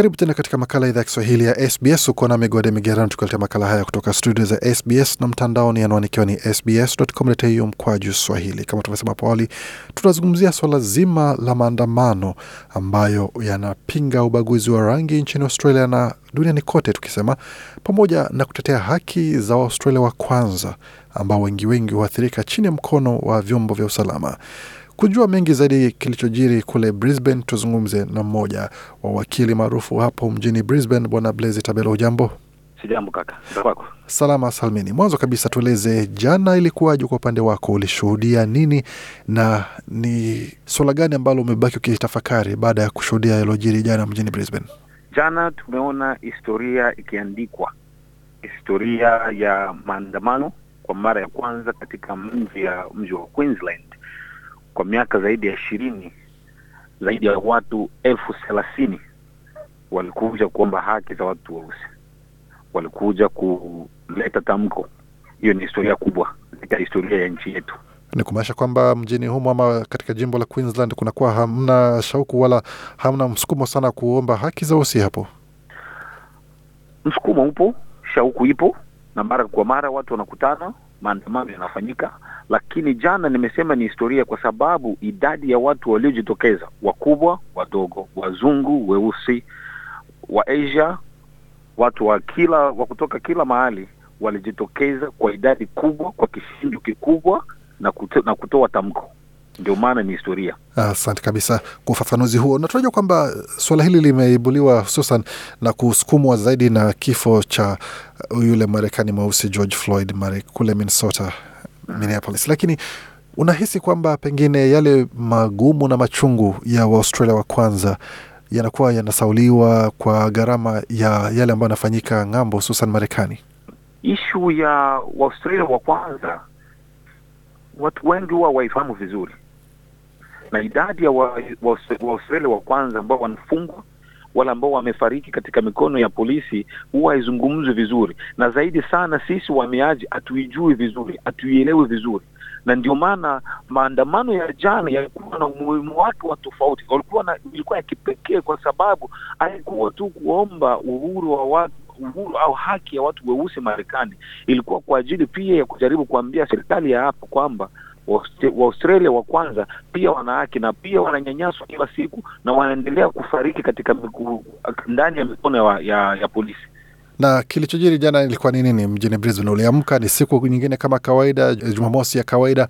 Karibu tena katika makala idhaa ya Kiswahili ya SBS. na migode migerano, tukuletea makala haya kutoka studio za SBS na mtandaoni, anwani ikiwa ni sbs.com.au mkwaju swahili. Kama tumesema hapo awali, tunazungumzia swala zima la maandamano ambayo yanapinga ubaguzi wa rangi nchini Australia na duniani kote, tukisema pamoja na kutetea haki za Waustralia wa kwanza ambao wengi wengi huathirika chini ya mkono wa vyombo vya usalama. Kujua mengi zaidi kilichojiri kule Brisbane, tuzungumze na mmoja wa wakili maarufu hapo mjini Brisbane, Bwana Blaze Tabelo. Ujambo? Sijambo kaka, kwako? Salama salmini. Mwanzo kabisa, tueleze jana ilikuwaje kwa upande wako, ulishuhudia nini na ni suala gani ambalo umebaki ukitafakari baada ya kushuhudia yaliyojiri jana mjini Brisbane? Jana tumeona historia ikiandikwa, historia ya maandamano kwa mara ya kwanza katika mji ya mji wa Queensland kwa miaka zaidi ya ishirini, zaidi ya watu elfu thelathini walikuja kuomba haki za watu weusi, walikuja kuleta tamko. Hiyo ni historia kubwa katika historia ya nchi yetu. Ni kumaanisha kwamba mjini humo ama katika jimbo la Queensland kunakuwa hamna shauku wala hamna msukumo sana kuomba haki za weusi hapo. Msukumo upo, shauku ipo, na mara kwa mara watu wanakutana, maandamano yanafanyika lakini jana nimesema ni historia kwa sababu idadi ya watu waliojitokeza, wakubwa, wadogo, wazungu, weusi, wa Asia, watu wa kila wa kutoka kila mahali walijitokeza kwa idadi kubwa, kwa kishindo kikubwa na, kuto, na kutoa tamko ndio maana ni historia. Asante kabisa kwa ufafanuzi huo. Natarajia kwamba suala hili limeibuliwa hususan na kusukumwa zaidi na kifo cha yule Marekani mweusi George Floyd Mare kule Minnesota Minneapolis. Lakini unahisi kwamba pengine yale magumu na machungu ya Waaustralia wa kwanza yanakuwa yanasauliwa kwa gharama ya yale ambayo yanafanyika ng'ambo, hususan Marekani. Ishu ya Waustralia wa kwanza watu wengi huwa waifahamu vizuri, na idadi ya Waustralia wa, wa, wa kwanza ambao wanafungwa wale ambao wamefariki katika mikono ya polisi huwa haizungumzwi vizuri, na zaidi sana sisi wahamiaji hatuijui vizuri, hatuielewi vizuri na ndio maana maandamano ya jana yalikuwa na umuhimu wake wa tofauti, walikuwa na ilikuwa ya kipekee kwa sababu haikuwa tu kuomba uhuru wa watu uhuru au haki ya watu weusi Marekani, ilikuwa kwa ajili pia ya kujaribu kuambia serikali ya hapo kwamba waustralia wa kwanza pia wana haki na pia wananyanyaswa kila siku na wanaendelea kufariki katika miku, ndani ya mikono ya, ya polisi. Na kilichojiri jana ilikuwa ni nini mjini Brisbane? Uliamka ni siku nyingine kama kawaida, Jumamosi ya kawaida.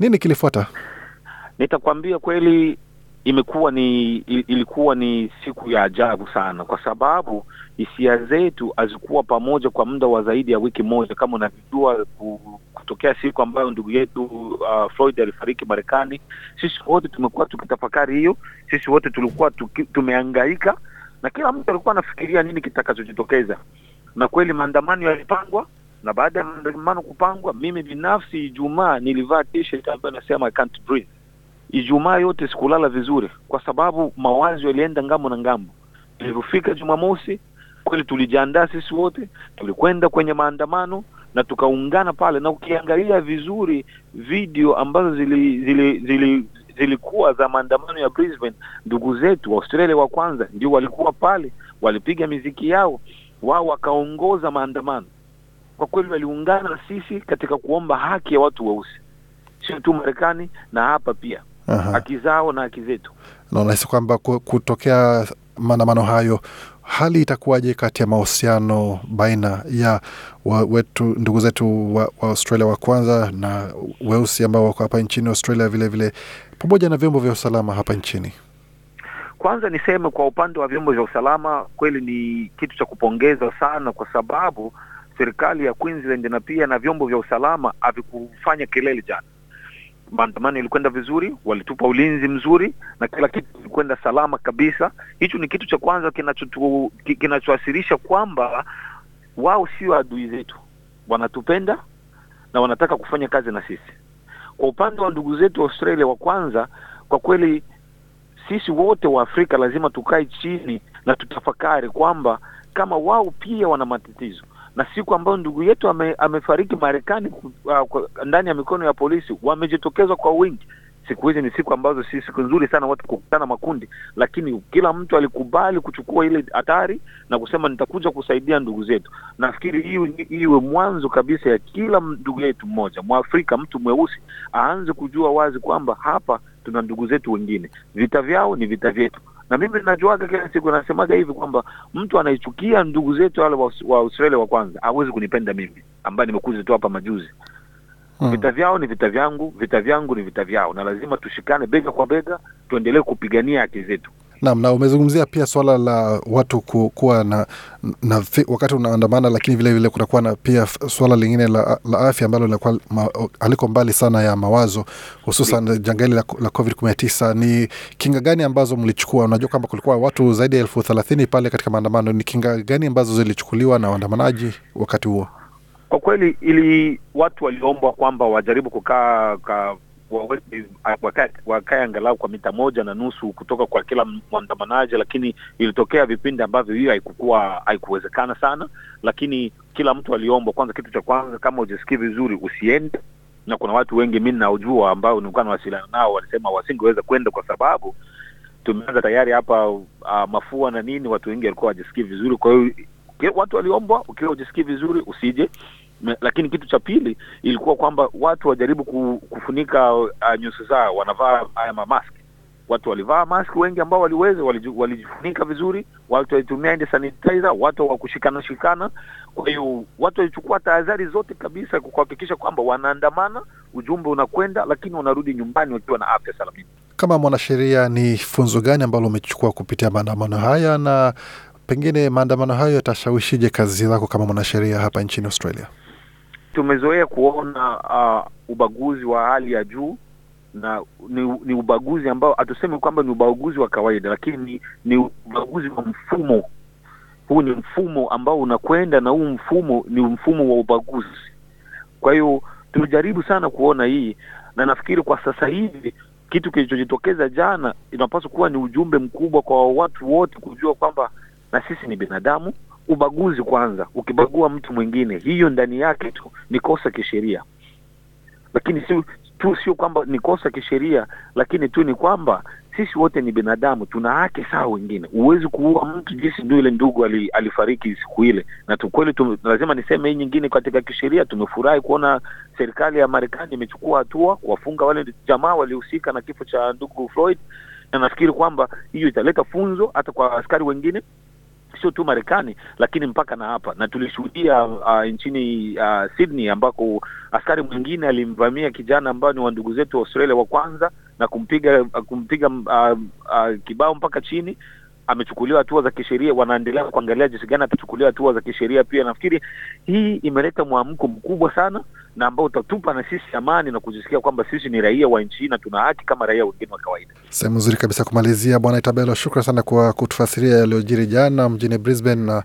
Nini kilifuata? Nitakwambia kweli imekuwa ni ilikuwa ni siku ya ajabu sana, kwa sababu hisia zetu hazikuwa pamoja kwa muda wa zaidi ya wiki moja. Kama unavyojua, kutokea siku ambayo ndugu yetu uh, Floyd alifariki Marekani, sisi wote tumekuwa tukitafakari hiyo, sisi wote tulikuwa tuki, tumeangaika na kila mtu alikuwa anafikiria nini kitakachojitokeza, na kweli maandamano yalipangwa na baada ya maandamano kupangwa, mimi binafsi Ijumaa nilivaa t-shirt ambayo nasema I can't breathe Ijumaa yote sikulala vizuri, kwa sababu mawazo yalienda ngambo na ngambo. Tulivyofika Jumamosi kweli tulijiandaa sisi wote, tulikwenda kwenye maandamano na tukaungana pale, na ukiangalia vizuri video ambazo zili, zili, zili zilikuwa za maandamano ya Brisbane, ndugu zetu wa Australia wa kwanza ndio walikuwa pale, walipiga miziki yao, wao wakaongoza maandamano. Kwa kweli waliungana sisi katika kuomba haki ya watu weusi, sio tu Marekani na hapa pia haki zao na haki zetu. Na kwamba kutokea maandamano hayo hali itakuwaje kati ya mahusiano baina ya wa, wetu ndugu zetu wa, wa Australia wa kwanza na weusi ambao wako hapa nchini Australia vilevile pamoja na vyombo vya usalama hapa nchini? Kwanza niseme kwa upande wa vyombo vya usalama, kweli ni kitu cha kupongeza sana, kwa sababu serikali ya Queensland na pia na vyombo vya usalama havikufanya kelele jana maandamano ilikwenda vizuri, walitupa ulinzi mzuri na kila kitu kilikwenda salama kabisa. Hicho ni kitu cha kwanza kinachotu kinachoasirisha kwamba wao sio adui zetu, wanatupenda na wanataka kufanya kazi na sisi. Kwa upande wa ndugu zetu Australia wa kwanza, kwa kweli sisi wote wa Afrika lazima tukae chini na tutafakari kwamba kama wao pia wana matatizo na siku ambayo ndugu yetu ame, amefariki Marekani uh, ndani ya mikono ya polisi, wamejitokeza kwa wingi. Siku hizi ni siku ambazo si siku nzuri sana watu kukutana makundi, lakini kila mtu alikubali kuchukua ile hatari na kusema nitakuja kusaidia ndugu zetu. Nafikiri hii iwe mwanzo kabisa ya kila ndugu yetu mmoja Mwafrika, mtu mweusi aanze kujua wazi kwamba hapa tuna ndugu zetu wengine, vita vyao ni vita vyetu na mimi ninajuaga kila siku, nasemaga hivi kwamba mtu anaichukia ndugu zetu wale wa, wa Australia wa kwanza hawezi kunipenda mimi ambaye nimekuja tu hapa majuzi hmm. Vita vyao ni vita vyangu, vita vyangu ni vita vyao, na lazima tushikane bega kwa bega, tuendelee kupigania haki zetu. Naam, na umezungumzia pia swala la watu ku, kuwa na, na wakati unaandamana, lakini vilevile vile kunakuwa na pia swala lingine la, la afya ambalo linakuwa aliko mbali sana ya mawazo, hususan janga hili la, la COVID 19. Ni kinga gani ambazo mlichukua? Unajua kwamba kulikuwa watu zaidi ya elfu thelathini pale katika maandamano. Ni kinga gani ambazo zilichukuliwa na waandamanaji wakati huo? Kwa kweli, ili watu waliombwa kwamba wajaribu kukaa wakae angalau kwa mita moja na nusu kutoka kwa kila mwandamanaji, lakini ilitokea vipindi ambavyo hiyo haikukuwa haikuwezekana sana, lakini kila mtu aliombwa. Kwanza, kitu cha kwanza, kama ujisikii vizuri usiende, na kuna watu wengi mi naojua ambao nilikuwa nawasiliana nao walisema wasingeweza kwenda kwa sababu tumeanza tayari hapa uh, mafua na nini, watu wengi walikuwa wajisikii vizuri. Kwa hiyo watu waliombwa, ukiwa ujisikii vizuri usije lakini kitu cha pili ilikuwa kwamba watu wajaribu kufunika uh, nyuso zao, wanavaa haya mamaski. Watu walivaa mask wengi ambao waliweza, walijifunika vizuri, watu walitumia hand sanitizer, watu hawakushikana shikana. Kwa hiyo watu walichukua tahadhari zote kabisa kuhakikisha kwamba wanaandamana, ujumbe unakwenda, lakini wanarudi nyumbani wakiwa na afya salamini. Kama mwanasheria, ni funzo gani ambalo umechukua kupitia maandamano haya na pengine maandamano hayo yatashawishije kazi zako kama mwanasheria hapa nchini Australia? tumezoea kuona uh, ubaguzi wa hali ya juu na ni, ni ubaguzi ambao hatusemi kwamba ni ubaguzi wa kawaida, lakini ni, ni ubaguzi wa mfumo. Huu ni mfumo ambao unakwenda na huu mfumo ni mfumo wa ubaguzi. Kwa hiyo tumejaribu sana kuona hii, na nafikiri kwa sasa hivi kitu kilichojitokeza jana inapaswa kuwa ni ujumbe mkubwa kwa watu wote kujua kwamba na sisi ni binadamu. Ubaguzi kwanza, ukibagua mtu mwingine, hiyo ndani yake tu ni kosa kisheria, lakini si tu, sio kwamba ni kosa kisheria, lakini tu ni kwamba sisi wote ni binadamu, tuna haki sawa wengine. Huwezi kuua mtu jinsi ndio ile ndugu ali, alifariki siku ile, na tukweli tu, lazima niseme hii nyingine katika kisheria. Tumefurahi kuona serikali ya Marekani imechukua hatua kuwafunga wale jamaa waliohusika na kifo cha ndugu Floyd, na nafikiri kwamba hiyo italeta funzo hata kwa askari wengine sio tu Marekani lakini mpaka na hapa na tulishuhudia uh, nchini uh, Sydney ambako askari mwingine alimvamia kijana ambayo ni wa ndugu zetu wa Australia wa kwanza na kumpiga kumpiga uh, uh, kibao mpaka chini amechukuliwa hatua za kisheria, wanaendelea kuangalia jinsi gani atachukuliwa hatua za kisheria pia. Nafikiri hii imeleta mwamko mkubwa sana na ambao utatupa na sisi amani na kujisikia kwamba sisi ni raia wa nchi hii na tuna haki kama raia wengine wa kawaida. Sehemu nzuri kabisa kumalizia. Bwana Itabelo, shukran sana kwa kutufasiria yaliyojiri jana mjini Brisbane, na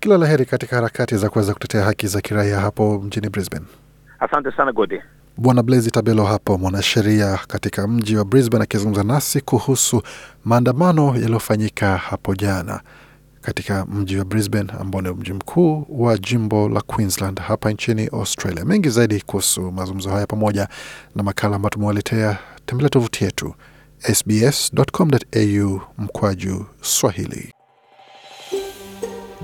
kila la heri katika harakati za kuweza kutetea haki za kiraia hapo mjini Brisbane. Asante sana Gode. Bwana Blaise Tabelo hapo, mwanasheria katika mji wa Brisbane, akizungumza nasi kuhusu maandamano yaliyofanyika hapo jana katika mji wa Brisbane ambao ni mji mkuu wa jimbo la Queensland hapa nchini Australia. Mengi zaidi kuhusu mazungumzo haya pamoja na makala ambayo tumewaletea, tembelea tovuti yetu sbs.com.au mkwaju Swahili.